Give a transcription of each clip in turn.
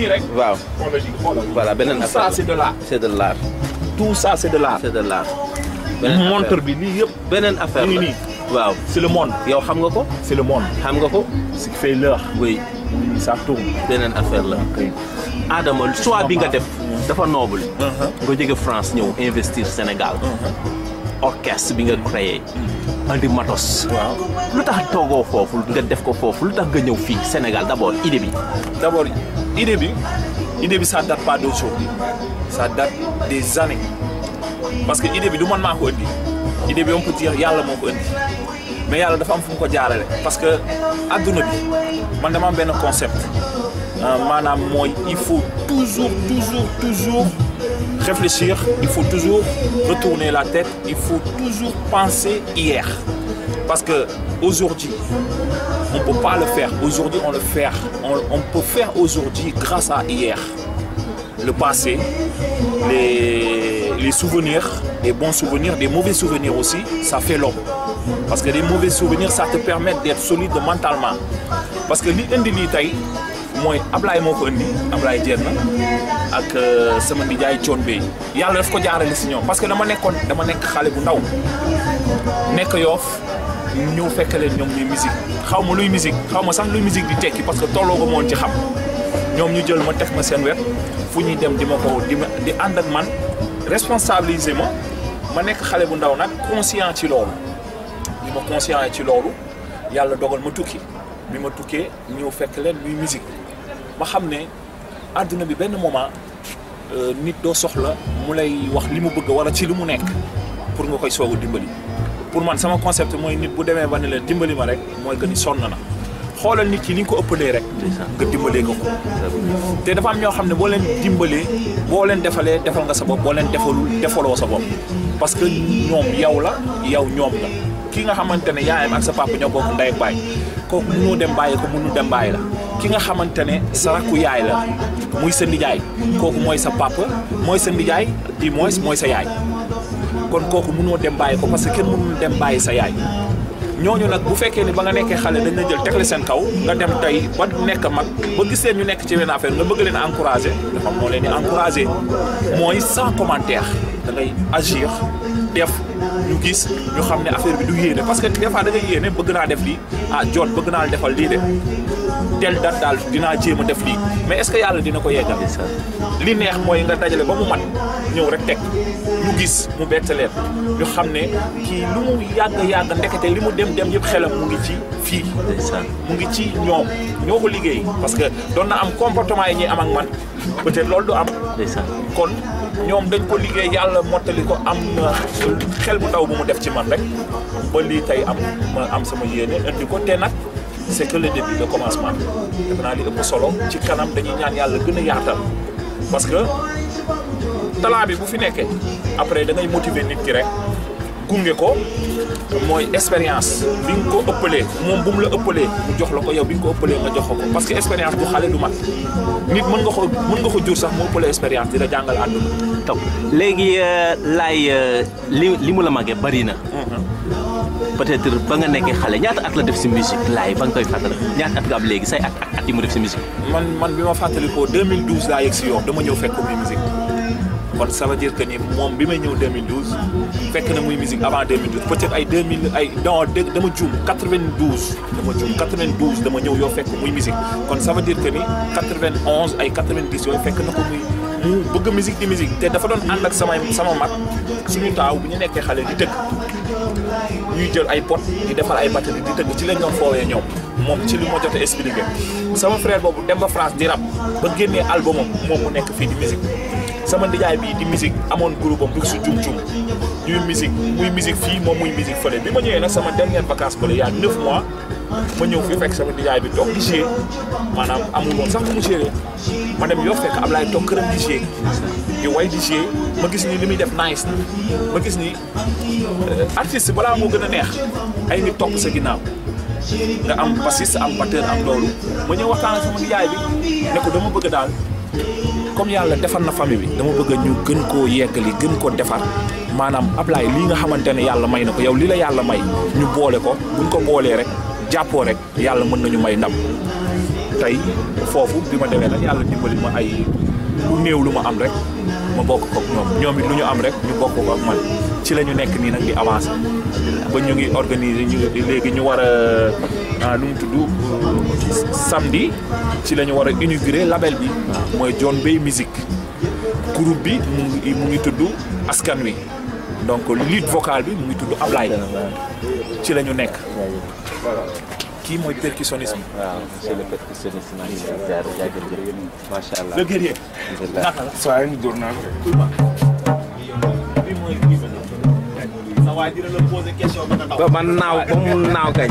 nii rek. waaw voilà beneen affaire tout ça c'est de l'art. c'est de l'art. tout ça c'est de l'art. c'est de l'art. montre bi lii yëpp. benen affaire ni waaw c'est le monde. yow xam nga ko. c'est le monde xam nga ko. ce qui fait l'heure. oui ça tourne. benen affaire la. Adama choix bi nga def. dafa noble. Uh-huh. nga jóge France ñëw investir Sénégal. Uh-huh. orchestre bi nga créé. Mm. andi matos. waaw lutax togo toogoo nga def ko foofu lutax nga ñëw fi Sénégal d'abord idée bi. d'abord idée bi idée ça date pas d'aujourd'hui ça date des années parce que idée bi du man on peut dire que y a mais il dafa am fu ko parce que à bi man dama concept euh, il faut toujours toujours toujours réfléchir il faut toujours retourner la tête il faut toujours penser hier. Parce que aujourd'hui, on ne peut pas le faire. Aujourd'hui, on le fait. On, on peut faire aujourd'hui grâce à hier. Le passé, les, souvenirs, les bons souvenirs, les mauvais souvenirs aussi, ça fait l'homme. Parce que les mauvais souvenirs, ça te permet d'être solide mentalement. Parce que li indi lii tey avec mon moo et indi Ablaye que la ak euh, sama nijaay Il y a daf ko parce que je suis dama nekk xale bu ndaw nous faisons fekk musique xaw ma luy musique xaw ma sax luy musique di parce que tolloo ko la ci xam ñoom ñu jël ma teg ma seen wet fu ñuy dem di ma ko di ak man responsabiliser ma ma nekk bu ndaw nag conscient ci loolu bi ma conscient ci loolu yàlla dogal ma tukki bi ma tukkee ñëw fekk leen musique ma xam ne bi moment euh, nit soxla wax bëgg wala ci nekk pour nga koy soog pour man sama concept mooy nit bu demee ba ne la dimbali ma rek mooy que ni sonn na xoolal nit ki li nga ko ëppalee rek. nga dimbalee nga ko. te dafa am ñoo xam ne boo leen dimbalee boo leen defalee defal nga sa bopp boo leen defalul defaloo sa bopp parce que ñoom yow la yow ñoom la ki nga xamante ne yaayam ak sa papa ñoo bokk ndey ak baay kooku dem bàyyi ko mënu dem bàyyi la ki nga xamante ne sa yaay la muy sa nijaay kooku mooy sa papa mooy sa nijaay di mooy sa yaay. kon kooku mënoo dem bàyyi parce que kenn mënul dem bàyyi sa yaay ñooñu nag bu fekkee ni ba nga nekkee xale dañ la jël seen kaw nga dem tey ba affaire bëgg encourager dafa moo leen encourager sans commentaire da ngay agir def. ñu gis ñu xam ne affaire bi du yéene parce que des fois da ngay yéene bëgg naa def lii ah jot bëgg naa defal lii de tel date daal dinaa jéem a def lii mais est-ce que yàlla dina ko yeggal li neex mooy nga dajale ba mu mat ñëw rek teg ñu gis mu bett leen ñu xam ne kii lu mu yàgg yàgg ndekete li mu dem dem yëpp xelam mu ngi ci fii mu ngi ci ñoom ñoo ko liggéey parce que doon na am comportement yi ñuy am ak man peut-être loolu du am kon ñoom dañ ko liggéey yàlla mottali ko am na xel bu ndaw bu mu def ci man rek ba lii tey am ma am sama yéene indi ko te nag c'est que le début le commencement def naa li ëpp solo ci kanam dañuy ñaan yàlla gën a yaatal parce que talent bu fi nekkee après da ngay motiver nit ki rek gunge ko moy expérience bi ko ëppalee mom bu la ëppalee mu jox la ko yow bi ko ëppalee nga jox ko parce que expérience du xalé du mat nit mën nga ko mën nga ko jur sax mo ëppale expérience di jangal jàngal taw léegi euh, lay euh, limu la màggee bari na. Mhm. peut-être ba nga nekkee xalé ñaata at la def ci musique lay ba nga koy fatale ñaata at nga am say at at yi mu def ci musique. man man bima fatale ko 2012 la yex si yoon dama ñew fekk ko musique. ça veut dire que ni moom bi may ñëw 2012 fekk na musique avant 2012 peut-être ay 2000 ay non dama 92 dama 92 dama musique kon ça veut dire que ni 91 ay 90 yooyu fekk na ko muy musique di musique te dafa doon ànd ak sama sama mag ñu di ñuy jël ay pot di ay batterie di ci ci expliqué sama frère boobu dem ba France di rap ba musique sama ndijaay bii di musique amoon groupe am bi su jum jum ñuy musique muy musique fii moom muy musique fële bi ma ñëwee nag sama dernière vacance bële y a neuf mois ma ñëw fi fekk sama ndijaay bi toog di gérer maanaam amul woon sax mu gérer ma dem yoo fekk am laay toog këram di gérer di way di gérer ma gis ni li muy def nice na ma gis ni euh, artiste balaa moo gën a neex ay nit topp sa ginnaaw nga am bassiste am batteur am loolu ma ñëw waxtaan ak sama ndijaay bi ne ko dama bëgg daal comme yàlla defal na famille bi dama bëgg ñu gën koo yeggali gën ko defar maanaam ablaay li nga xamante ne yàlla may na ko yow li la yàlla may ñu boole ko buñ ko boolee rek jàppoo rek yàlla mën nañu may ndam tey foofu bi ma demee nag yàlla dimbali ma ay lu néew lu ma am rek ma bokk ko ñoom ñoom it lu ñu am rek ñu bokk ko ak man ci la ñu nekk nii nag di avancer ba ñu ngi organiser ñu léegi ñu war a lu ah, mu tudd ci samedi ci la ñu war a inaugurer label bi mooy John Bay Music groupe bi mu ngi tudd askan wi donc lead vocal bi mu ngi tudd Ablaye ci lañu nekk kii mooy percussionniste bi. waaw c'est le percussionniste maa ngi ziar jaajëf ba naaw ba mu naaw kañ.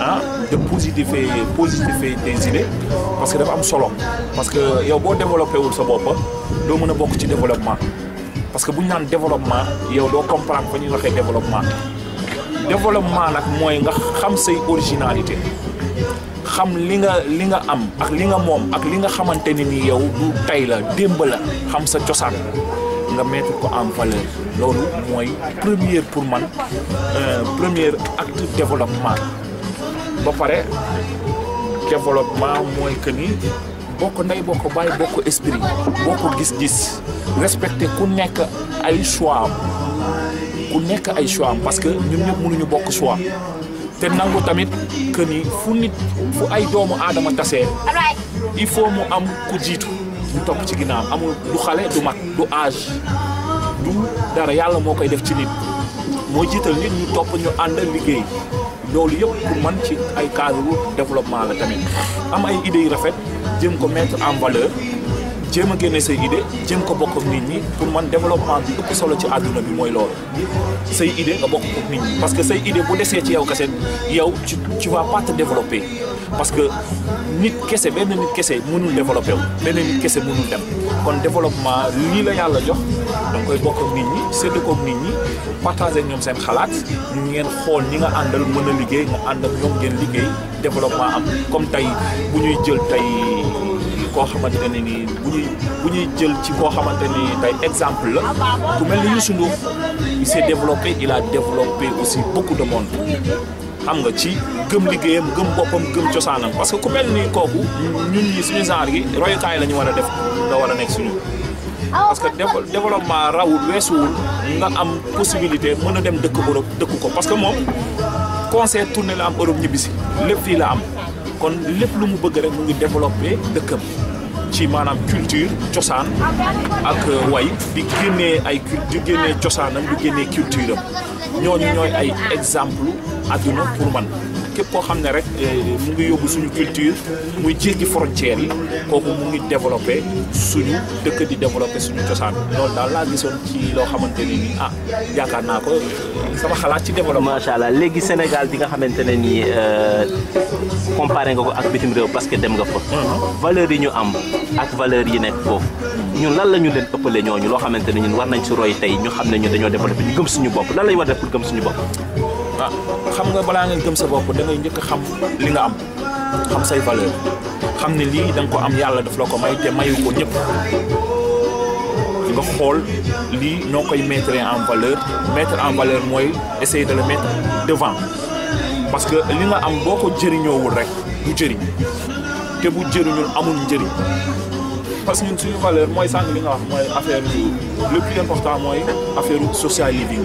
ah de positif positiver des idées parce que dafa am solo parce que yow boo développé wul sa bopp doo mën a bokk ci développement parce que bu ñu naan développement yow doo comprendre fa ñuy waxee développement développement nag mooy nga xam say originalité xam li nga li nga am ak li nga mom ak li nga xamanteni ni yow du tay la démb la xam sa cosaan nga mettre ko en valeur lolu moy première pour man euh, premier acte développement ba pare développement mooy que ni bokk ndey bokk bàyyi bokk esprit ko gis-gis respecté ku nekk ay choix ku nekk ay choix am parce que ñun ñëpp mënuñu bokk choix te nangu tamit que ni fu nit fu ay doomu aadama tasee il faut mu am ku jiitu ñu topp ci ginnaaw amul du xale du mat du âge du dara yàlla moo koy def ci nit moo jiital nit ñu topp ñu ànd liggéey loolu yëpp pour man ci ay cadre développement la tamit am ay idées yu rafet jëm ko mettre en valeur jéem a génne say idée jéem ko bokk ak nit ñi pour man développement bi ëpp solo ci àdduna bi mooy loolu say idée nga bokk ak nit ñi parce que say idée bu desee ci yow kese yow ci parce que nit kese benn nit kese mënul développer wu benn nit kese mënul dem kon développement lii la yàlla jox da nga bokk ak nit ñi sédd ko ak ñi partager ak ñoom seen xalaat ñu ngeen xool ñi nga àndal mën a liggéey nga ànd ak ñoom ngeen liggéey développement am comme tey bu ñuy jël tey. koo xamante ni nii bu ñuy bu ñuy jël ci koo xamante ni tey exemple la ku mel ni Youssou Ndour il s'est développé il a développé aussi beaucoup de monde xam nga ci gëm liggéeyam gëm boppam gëm cosaanam parce que ku mel ni kooku ñun ñi suñu genre gi royukaay la ñu war a def da war a nekk suñu parce que développement rawul weesuwul nga am possibilité mën a dem dëkk Europe dëkk ko parce que moom conseil tourné la am Europe ñibbisi lépp fii la am kon lépp lu mu bëgg rek mu ngi développé dëkkam ci maanaam culture cosaan ak euh, way bi génnee ay di génnee cosaanam di génnee culture am ñooñu ñooy ay exemple adduna pour man képp koo xam ne rek eh, mu ngi yóbbu suñu culture muy jéggi frontières yi kooku mu ngi développé suñu dëkk di développé suñu cosaan loolu daal laa gisoon ci loo xamante ni ah yaakaar naa ko sama xalaat ci développement. macha allah léegi Sénégal bi nga xamante ne nii euh, comparé nga ko ak bitim réew parce que dem nga fa. Mm-hmm. valeur yi ñu am ak valeur yi nekk foofu. ñun lan la ñu leen ëppale ñooñu loo xamante ne ñun war nañ si roy tey ñu xam ne ñu dañoo développé ñu suñu bopp la ñu war pour gëm suñu bopp. Je ah, xam nga balaa sa da ngay xam li nga am xam say valeur xam ne ko am daf la ko may mayu ko ñëpp mettre en valeur mettre en valeur mooy essayer de le mettre devant parce que li nga am boo ko rek bu amul parce que ñun suñu valeur li nga affaire le plus important mooy affaire social living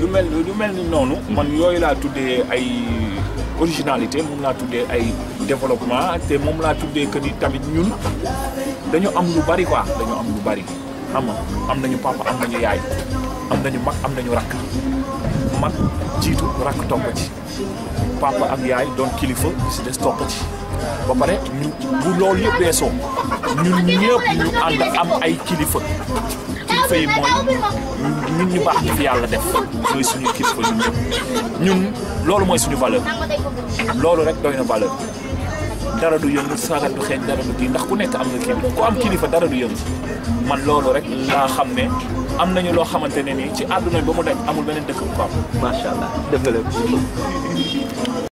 lu mel lu mel ni noonu. Mhm. man yooyu laa tuddee ay originalité moom laa tuddee ay développement te moom laa tuddee que ni tamit ñun dañu am lu bari quoi dañu am lu bari xam am nañu papa am nañu yaay am nañu mag am nañu rakk mag jiitu rakk topp ci papa ak yaay doon kilifa ñu si des topp ci. ba pare loolu yëpp weesoo ñun ñëpp ñu ànd am ay kilifa. kilifa yi mooy ñun ñu baax ñu fi yàlla def mooy suñu kilifa ñun ñëpp ñun loolu mooy suñu valeur loolu rek doy na valeur dara du yëngu saagat du xeeñ dara du kii ndax ku nekk am nga kilifa ku am kilifa dara du yëngu man loolu rek laa xam ne am nañu loo xamante ne nii ci àdduna bi ba mu daj amul beneen dëkk bu ko